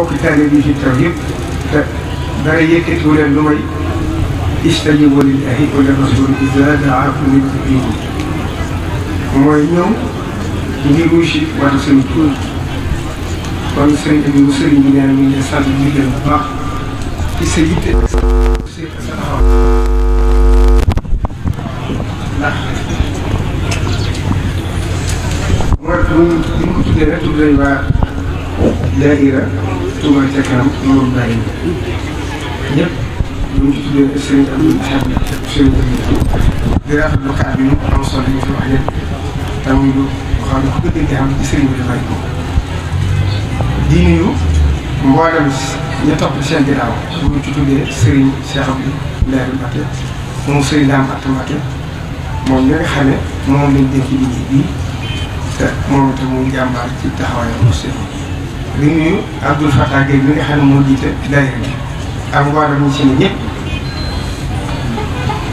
bokk tànn bi fi taw yëpp te dara yëkkatiwu leen lu may istajibu lillahi wa lirrasuli iza daakum lima tuhibbun mooy ñëw ngir wu si wàllu seen tur kon sëriñ bi bu sëriñ bi nee na mu ngi sant di gën bu baax ci sa yitte ndax mooy bu ñu ko tuddee rek tuddee waa daayira Touba ca kanam moom bàyyi ñëpp lu xam ne ku am ci bi dafay ko di nuyu mboolem ñu topp seen ginnaaw bu ñu ci tuddee sëriñ Cheikh Abdou Lahad Mbacké moom sëriñ moom mi nga xam ne moom lañ dénk liggéey bii te moom itam mu jàmbaar ci taxawaayam bu di nuyu Abdoul Fattah Gueye bi nga xam ne moo jiite daayira ak mboolem ñi ci ne ñëpp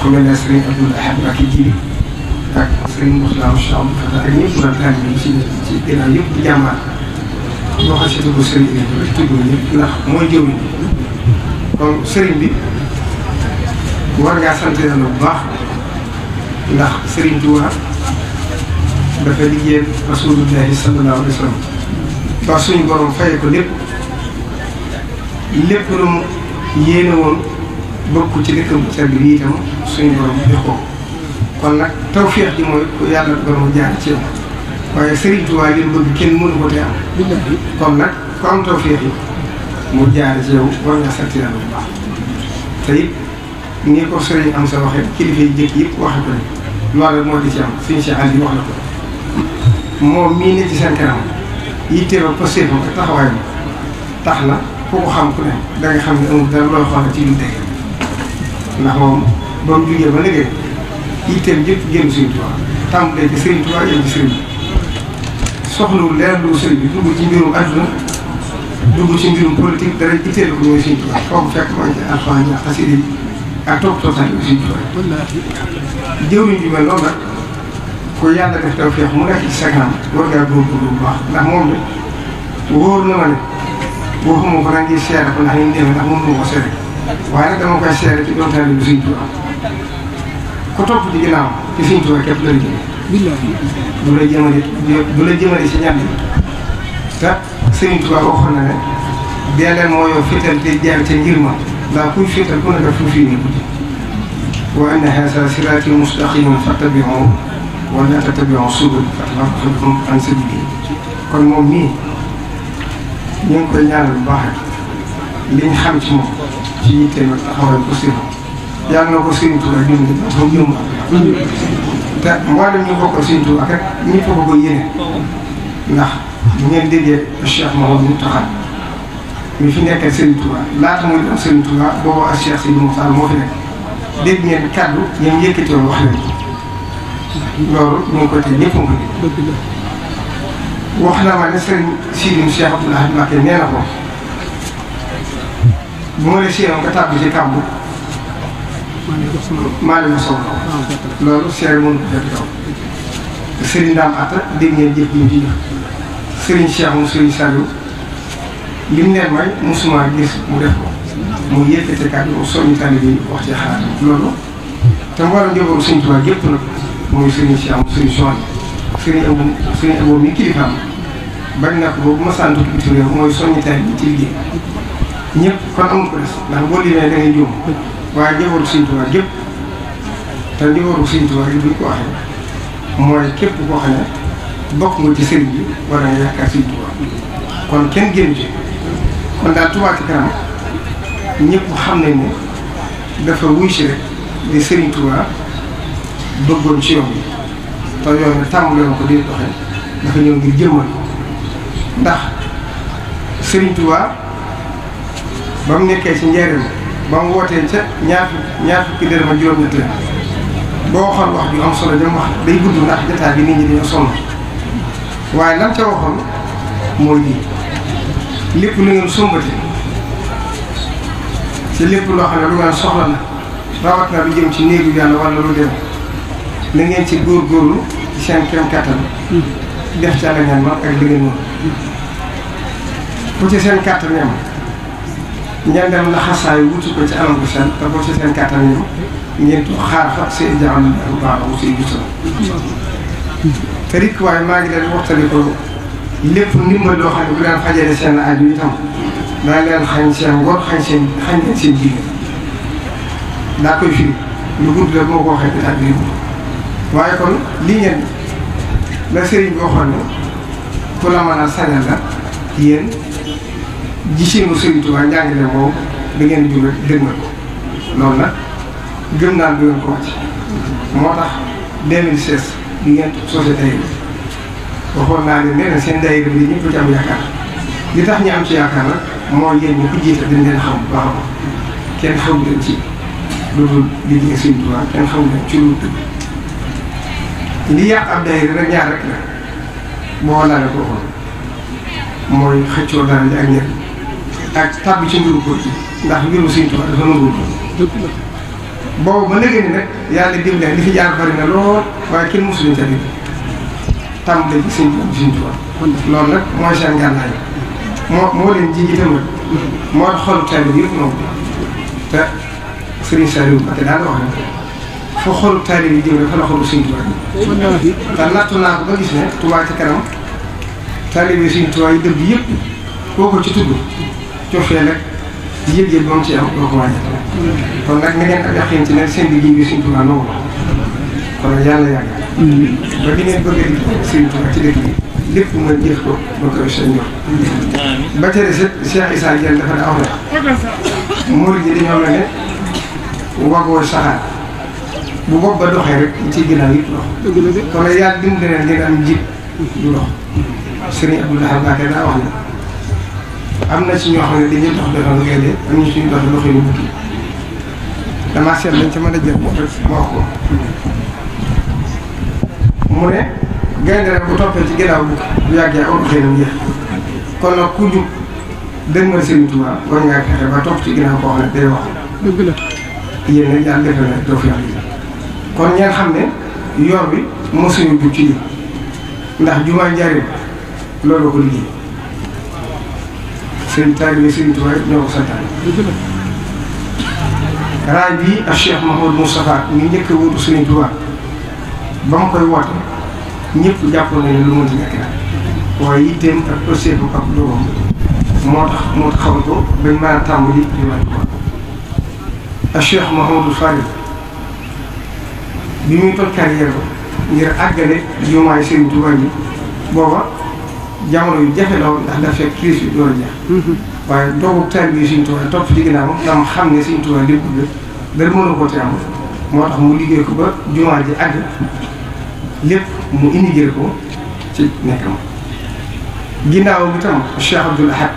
ku mel ne Serigne Abdoul Ahad ak Jibi ak Serigne Moussa Moussa Moussa ak ñëpp doon tànn ñu ci ci ginnaaw yëpp di jàmbaar boo xam si dugg Serigne bi rek tudd ñëpp ndax mooy jëw ñi kon Serigne bi war ngaa sant yàlla bu baax ndax Serigne Touba dafa liggéeyal Rasulullahi sallallahu alayhi wa sallam ba suñu borom fayee ko lépp lépp lu mu yéene woon bokk ci dëkkam bu tedd bi itam suñu borom jox ko kon nag tawféex ji mooy ku yàlla borom jaar ci yow waaye Serigne Touba li mu bëgg kenn mënu ko te am. kon nag ku am tawféex yi ci yow war nga sant yàlla bu baax te it ni ko Serigne am sa waxee kilifa yi jëkk yëpp waxe ko ne loolu moo di ci am suñu si àll yi wax na ko moom mii ne ci seen kanam. yitteewam pasteefam ak taxawaayam tax na ku ko xam ku ne da nga xam ne amul dara loo xam ne ci lu teg ndax moom ba mu jugee ba léegi yitteem yëpp génn Sëriñ Tuubaa tàmbalee ci Sëriñ Tuubaa yëpp ci sëriñ bi soxlawul leer lu sëriñ bi dugg ci mbirum adduna dugg ci mbirum politique dara itteel ko ñooy Sëriñ Tuubaa foofu fekk maa ngi ci alxuraan ak xasida yi ak topp tootaan yi Sëriñ Tuubaa jëwriñ bi mel noonu nag ko yàlla def tawfeex mu nekk ci sa kanam war ngaa góorgóorlu bu baax ndax moom de wóor na ma ne waxuma ko da seere ko ndax ni mu demee ndax mënuma ko seere waaye dama koy seere ci doon taalibu Sëriñ Tuubaa ku topp ci ginnaaw ci Sëriñ Tuubaa képp la jëlee. la jëmale du la jëmale si ñànd te Sëriñ Tuubaa waxoon na ne dee leen fital te jaar ca ngir ma ndax kuy fital ku nekk fu fii nii guddi wa anna haza siraati mustaqiman fattabi'uhu wala tattabi'u subula fatarakum an sabiilihi kon moom nii ñu ngi koy ñaanal bu baax xam ci moom ci yitte nag ko si yàlla na moom te mboolem ñu bokkal Serigne a bu ngeen déggee Cheikh Mouhamadou Mountakha fi nekkee Serigne Touba laata muy doon Serigne Touba boobu ak Cheikh Sidi Moussa moo fi nekk dégg ngeen kàddu yéen yëkkati wax leen loolu ñu ngi koy tey ñëpp a wax na ma ne sëriñ Sidim Cheikh Abdoul Ahad Mbacké nee na ko bu ma la séeroon nga tàbbi ci kàmb. maa ngi soog ah, loolu séeréer mënu Atta dégg ngeen jëf ñu ji sëriñ Cheikh mu sëriñ li mu neen mooy musuma gis mu def ko. mu yëkkati kàddu soññu tànn bi wax ci xalaat loolu. te mboolem jëfandikoo suñu tubaab yëpp nag. muy sëriñ si am suñu soxla sëriñ Abou sëriñ Abou mi kilifaam bañ na ko boobu ma sant ci réew mooy soññi tay bi ci ko boo limee da ngay juum waaye ñu ko waxee mooy xam ne bokk ci sëriñ bi wala nga dafa wuy si rek di Sëriñ Tuubaa duggoon ci yoon bi te yoon bi tàmbaloon ko di doxe dafa ñëw ngir jëmmal ndax Serigne Touba bam nekké ci njëriñ bam woté ci ñaar ñaar fukki dërëm ak juróom-ñett la bo waxoon wax ju am solo dem wax day gudd ndax jotta bi nit ñi dañu sonu waye lam ci waxoon moy lii lepp lu ngeen sombati ci lepp lo xam ne lu ngeen soxla na rawat na bi jëm ci neegu yalla wala lu dem na ngeen ci góorgóorlu ci seen kéem kattan. Hmm. def ci àll ñaan man ak li ngeen moom ci seen kattan ñam ngeen dem la xasaay wutu ko ci anam bu seen te bu ci seen kattan ñam ngeen xaar fa seen jaam ak baax waaye maa ngi leen waxtali ko lépp ndimbal loo xam ne bu daan fajale seen aju itam daa leen xañ seen ngor xañ seen xañ leen seen jigéen daa koy firi lu gudd la moo ko waxee état bi waaye kon lii ngeen la sëriñ bi waxoon ne ku la mën a sañal la yéen giseenu Sëriñ Tuubaa njàngale moom da ngeen jur rek dégg na ko loolu nag gëm naa du ngeen ko wàcc moo tax 2016 bi ngeen sosé tey waxoon naa leen nee seen daayira bi ñëpp ci am yaakaar li tax ñi am ci yaakaar nag moo yéen ñi ko jiite dañ leen xam baax a kenn xaw ci loolu liggéey Sëriñ Tuubaa kenn xaw leen ci lu dëgg li yàq ab daayira rek ñaar rek la moo laa ne ko waxoon mooy xëccoo dara ji ak ñett ak tàbbi ci mbiru góor gi ndax mbiru Sëriñ Tuubaa ko boobu ba léegi ni nag yàlla dimbali li fi jaar bari na lool waaye kenn mosuñu tamit tàmbali ci Sëriñ Tuubaa Sëriñ Tuubaa loolu nag mooy seen gànnaay moo moo leen ji ji tamit moo xol tamit yëpp noonu te Sëriñ Saliou Mbacké daal wax na fa xoolu taalib yi jëm fa la xoolu Sëñ Tuubaa yi. ndax ci kanam taalib yi Sëñ Tuubaa yi dëgg yëpp kooku ci tudd cofee nag yëg-yëg ba mu ci am doo ko wàññi. kon nag na ngeen ak yaqin ci ne seen liggéey bi Sëñ Tuubaa nangu kon nag yàlla ba di bëgg a di Sëñ Tuubaa ci dëkk yi lépp mën jëf ko ba ko seen yoon. ba tey Cheikh Issa Diène dafa ne aw na murid yi dañoo mel ne wagoo saxaar. bu bopp ba doxé rek ci ginnaaw yëpp dox. dëgg la de kon yàlla dimbali leen ngeen am jitt du dox. sëriñ Abdoulaye Mbacké da wax ne am ci ñoo xamne dañu tax dafa doxal ngeen de am na suñu dox doxee bu dama sel lañ ci mëna jël bopp rek ma ko. mu ne gënal rek bu topé ci ginnaaw bu bu yagge aw xëy na mu jeex kon nag ku jub dëgmal serigne touba war ngaa fexe ba top ci ginnaaw ko xamne day wax. dëgg la yéne a yàlla na doo kon ngeen xam ne yor bi mosuñu dugg ci lii ndax jumaa njariñ loolu ko liggéey seen taalibe seen tubaab ñoo ko santaane raay bii ak Cheikh Mahamadou Moustapha ñu njëkk wutu seen tubaab ba mu koy woote ñëpp jàpp nañu lu mënti nekk daal waaye yitteem ak procédu ak doomam moo tax moo taxawal ko bañ mën a tàmbali jumaa ak Cheikh Mahamadou Farid bi muy toj carrière ba ngir àggale jumaay Sëriñ Tuubaa bi booba jamono yu jafe la woon ndax dafa fekk crise bi door a jeex mhm. waaye doogu taal bi Sëriñ Tuubaa topp ci ginnaawam dama xam ne Sëriñ Tuubaa lépp dara mu liggéey ko ba jumaa ji àgg lépp ko ci nekkam ginnaaw bi tam Cheikh Abdoul Ahad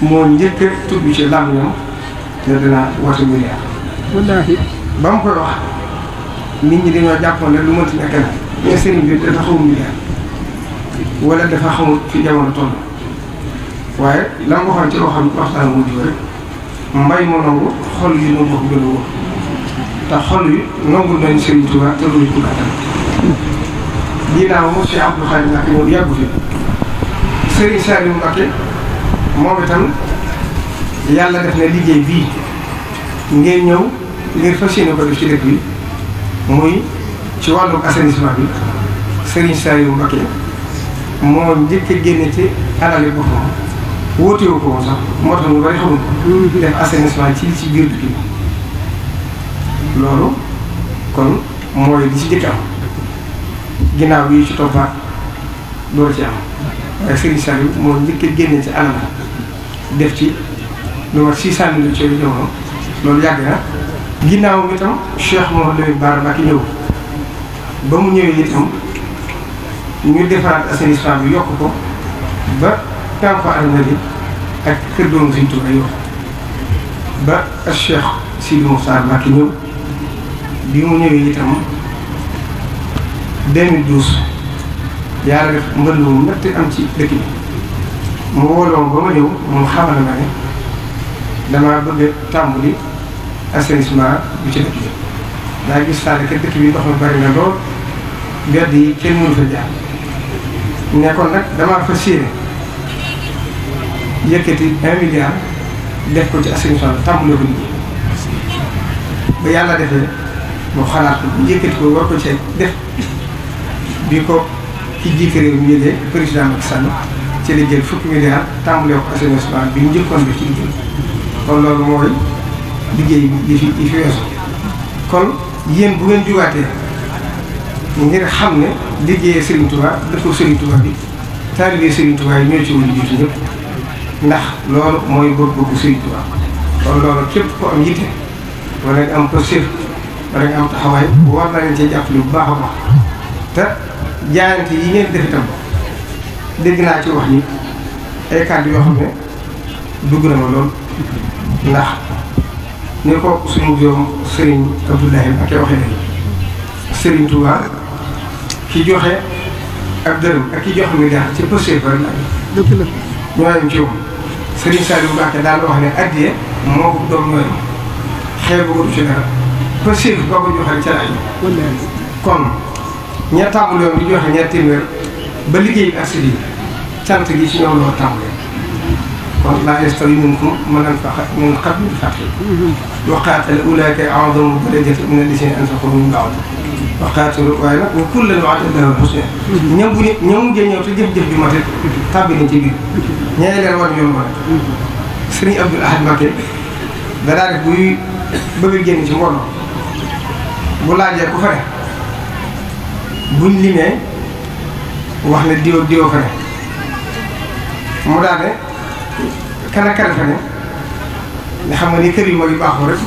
moo njëkk a tudd ci làmb ñoom ne dinaa woote milliard wallaahi ba mu koy wax nit ñi dañoo jàppoon lu mënti nekk la. mais sëriñ bi dafa xaw a wala dafa xamul fi jamono toll waaye la nga waxoon ci waxam waxtaan wu jiw rek mbay ma nangu xol yi ñoo bokk a wóor te xol yi nangu nañ sëriñ Tuubaa te loolu ko attan ginnaaw moom Cheikh moom itam yàlla def na liggéey bii ngeen ñëw ngir fas ko def ci dëkk bi. muy ci wàllum assainissement bi Serigne Saliou Mbacké moo njëkk a génne ci alali boppam wóotewu ko woon sax moo tax ñu bari xamul ko mm-hmm. def assainissement ci ci biir dëkk bi loolu kon mooy ci njëkk am ci toppaat door ci am waaye Serigne Saliou moo njëkk a génne ci alal def ci lu ma six cent mille ci loolu yàgg na ginnaaw bi itam Cheikh Mouhamadou Lamine Bara Mbacké ñëw ba mu ñëwee itam ñu defaraat assainissement bi yokk ko ba Kanko Armeli ak kër doomu Sëriñ Tuubaa yokk ba ak Cheikh Sidi Mokhtar Mbacké ñëw bi mu ñëwee itam 2012 yàlla def mbënd mu métti am ci dëkk bi mu wooloon ba ma ñëw mu xamal ma ne damaa bëgg tàmbali. assainissement bu ci dëkk bi daa gis saa ne dëkk bi ndox mi bari na lool mbedd yi kenn mënu fa jaar nekkoon nag damaa fas yéene yëkkati un milliard def ko ci assainissement bi tàmbale ko nit ba yàlla defee mu xalaat ko yëkkati ko war ko ci def bi ko ci jiite mu mi yëgee président Macky Sall ci la jël fukki milliard tàmbale ko bi njëkkoon bi ci kon loolu mooy. liggéey yi fi fi weesu kon yéen bu ngeen jugaatee ngir xam ne liggéeyee Serigne Touba dafa Serigne bi taalibe Serigne Touba yi ñoo ci woon jiitu ñëpp ndax loolu mooy bëgg-bëggu Serigne kon loolu képp ko am yitte wala nga am posture wala nga am taxawaay war na leen cee jàppale bu baax a baax te jaayante yi ngeen def itam dégg naa ci wax ni ay kàddu yoo xam ne dugg na ma lool ndax. ni ko suñu joom sëriñ Abdoulahi wax waxee léegi sëriñ Touba ki joxe ak dërëm ak ki jox mi daal ci pësee fa la ñoo yem ci woon sëriñ Saliou Mbacké daal wax ne addiye moo ko doom ñooy xeer bu ko ci dara pësee fa ba ko joxee ca laaj kon ña tàmbaloon di joxe ña téeméer ba liggéey ak sëriñ cant gi ci ñoom loo tàmbalee kon laa yastawi minkum man anfaqa min qabli al-fathi wa qaatala ulaa'ika a'zamu darajatan mina allaziina anfaqu min ba'du wa qaatalu waaye nag wa kullan wa'ada Allahu al-husnaa. ma ne. sëriñ Abdul Ahad Mbacké danaa bu fa wax ne diwa diwa fa ne daane. kana kana fa ne nga xam nga ni kër yu mag yu baaxoo rek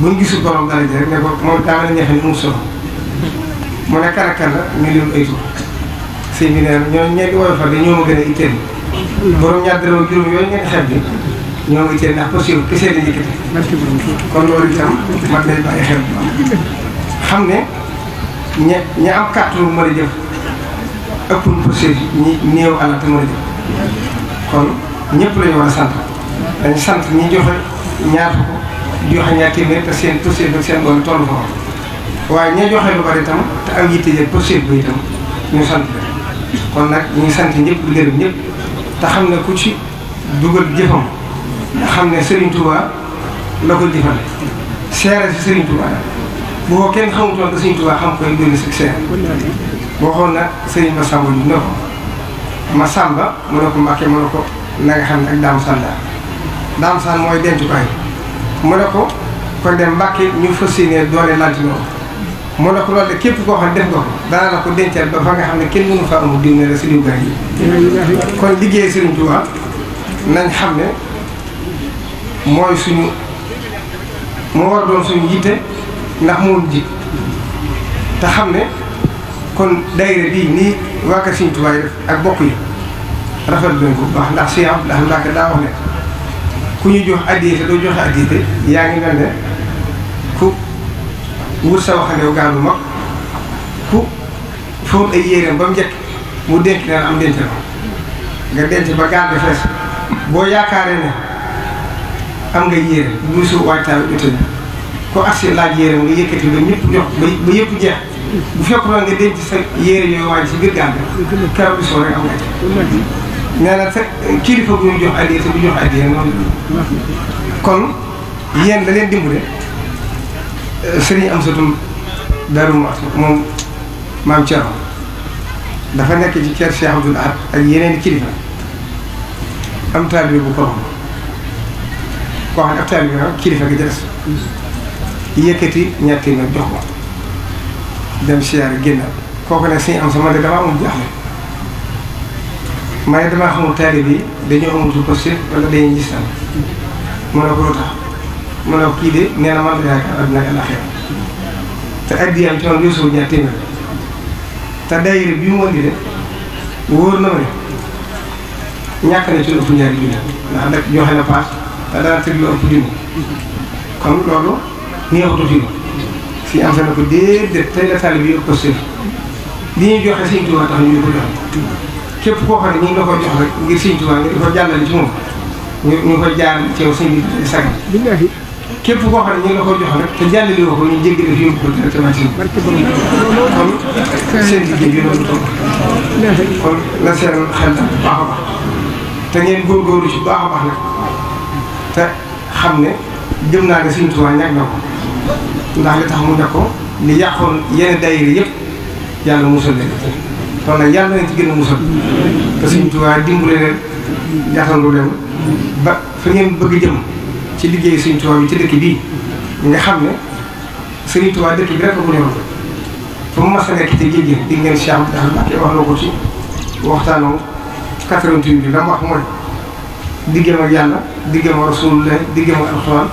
buñ gisul borom dara ji rek ne ko moom daa mel ne ñax ni mu solo mu ne kana kana ñu lim ay tur sëñ bi nee na ñoo de ñoo ma gën a itteel borom ñaar dërëm juróom yooyu ñeenti xeet bi ñoo ma itteel ndax pour suivre kese la njëkkati kon loolu itam mat nañ bàyyi xel bu xam ne ña ña am kàttu mën a jëf ëpp ñu pour ñi néew alal te mën a kon ñëpp la ñu war a sant dañ sant ñi joxe ñaar ko joxe ñaar téeméer te seen poursuite bi seen doole tollu fa waaye ña joxe lu bari kon nag ñu ngi sant ñëpp di gërëm te xam ne ko jëfale seere si Serigne Touba bu ko kenn xamutoon que Serigne Touba xam koy doy na si seere boo xool nag Serigne Massamba ñu ne ko Massamba mu ne ko Mbacke ko. na xam ne ak daam saan la daam saan mooy dencukaay mu ne ko kon dem mbàkki ñu fas yéene doone lantinoor mu ne ko loolu de képp koo xam ne def nga ko dana la ko dencal ba fa nga xam ne fa amul diw ne la liggéey Sëriñ Tuubaa nañ xam ne mooy suñu mu war doon suñu yitte ndax moom ji te xam ne kon daayira bii nii waa kër Sëriñ Tuubaa ak bokk yi rafet nañ ko bu baax ndax Cheikh daa wax ne ku ñu jox addiya te doo joxe addiya te yaa ngi mel ne ku wut sa waxandew gaal bu mag ku fóot ay yéeréem ba mu njëkk mu denc leen am denc la nga denc ba gaal fees boo yaakaaree ne am nga yéere bu su waajtaay bi utañ ko agsi laaj yéere nga yëkkati ba ñëpp jox ba yëpp jeex bu fekkoon nga denc sa yéere yooyu waaj si biir gaal bi keroog bi soo rek am nga nee na fekk kilifa bu ñu jox addiya te bu jox addiya noonu kon yéen da leen dimbale sëriñ am satum daru mu at moom maam Thierno dafa nekk ci kër Cheikh Abdoul Ahad ak yeneen kilifa am taalibe bu ko koo xam ne ab taalibe nag kilifa gi jëles yëkkati ñetti nag jox ma dem siyaare génn kooku ne sëriñ am sama de damaa amul jaaxle maa ngi damaa xamul taalib yi dañoo amatul ko séet wala dañuy gis am mu ne tax mu ne ko kii de nee na man la yaakaar àdduna ak àllaaxira te addiyaam ci man yoosuwu ñaar téeméer te daayira bi mu andi de wóor na ma ñàkk na ci lu ëpp ñaari junni ndax nag joxe na paas te dana teg lu ëpp junni kon loolu neexutu fi si am sa na ko déedéet tey la taalib yi ëpp ko séet li ñuy joxe Sëñ Tuubaa tax ñu ko joxe képp koo xam ne ñu nga ko jox rek ngir sëñ Tuubaa nga di ko jàllale ci moom ñu ñu ko jaar ci yow sëñ bi sag képp koo xam ne ñu nga ko jox rek te jàllale ko ñu jéggi def yóbbu ko directement ci kon seen liggéey bi loolu toog kon la seen xel daal baax a baax te ngeen góorgóorlu ci baax a baax nag te xam ne jëm naa ne sëñ Tuubaa ñàkk na ko ndax li tax mu ñàkk ko li yàqoon yenn daayira yëpp yàlla musal leen kon nag yàlla na ci gën a musal te suñu Tuubaa dimbale leen jaaxandu ci liggéey suñu Tuubaa bi ci dëkk bii nga xam ne suñu Tuubaa dëkk bi rek ko newoon fa mu mas bi la mu wax mooy diggam ak yàlla diggam ak Rasulullah diggam ak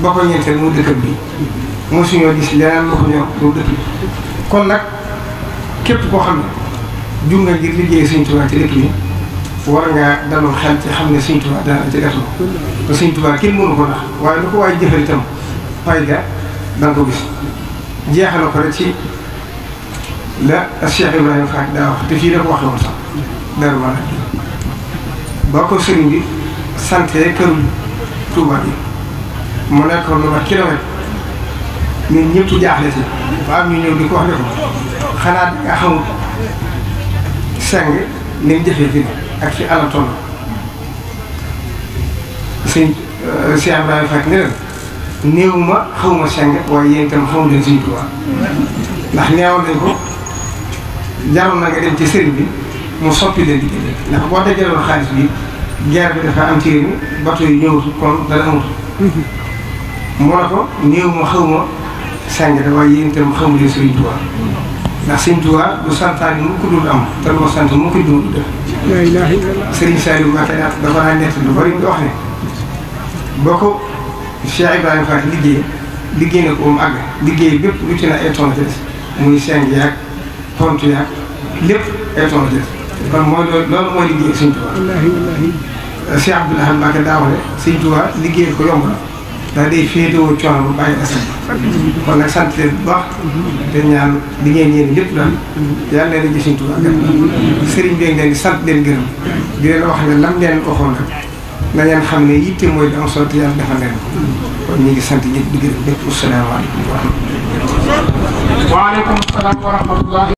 ko ñeenteel mu dëkk bi kon nag képp koo xam ne jur nga ngir liggéey Sëñ Tuubaa ci dëkk bi war ngaa daloon xel ci xam ne Sëñ Tuubaa dana ci def loo te ko ndax waaye lu ko waay jëfal itam pay ga danga ko gis jeexal ko rek ci la Cheikh Ibrahima Fall daa wax te ma boo ko sëriñ jaaxle si ba am ñu ñëw di ko wax ne ko xanaa nga xamul sàng ni mu jëfee fii ak fi àll toll. sëñ euh, Cheikh Ibrahima Faty ne leen néew ma xaw ma sàng waaye yéen itam xaw ma leen Sëñ Tuubaa ndax neewal nañ ko jaroon na nga dem ci sëriñ bi mu soppi leen liggéey ndax boo dajaloon xaalis bi guerre bi dafa am ci réew mi bato yi ñëwatu kon dara amatu. moo ne ko néew ma xaw ma sàng waaye yéen itam xaw ma leen Sëñ Tuubaa ndax sëñ Tuubaa du santaane mu ko dul am te loo sant mu ko dul def. Serigne Saliou Mbacké dafa naa nett lu bari di wax ne boo ko liggéey liggéey na ko mu àgg liggéey bépp lu ci na ay muy seng yaag tontu yaag lépp ay tontu kon mooy loolu mooy liggéey sëñ Tuubaa. Cheikh Abdoul Ahad Mbacké daa wax ne sëñ Tuubaa liggéey ko yomb na. ndax day féetewoo coono bu bàyyi asal kon nag sant leen bu baax te ñaan li ngeen yéen lépp daal yàlla leen a jëfiñ Tuubaa sëriñ bi ngeen di sant leen gërëm di leen wax ne lam leen waxoon rek na ngeen xam ne yitte mooy di am solo te yàlla defal leen ko kon ñu ngi sant ñëpp di gërëm lépp asalaamaaleykum wa rahmatulah salaam wa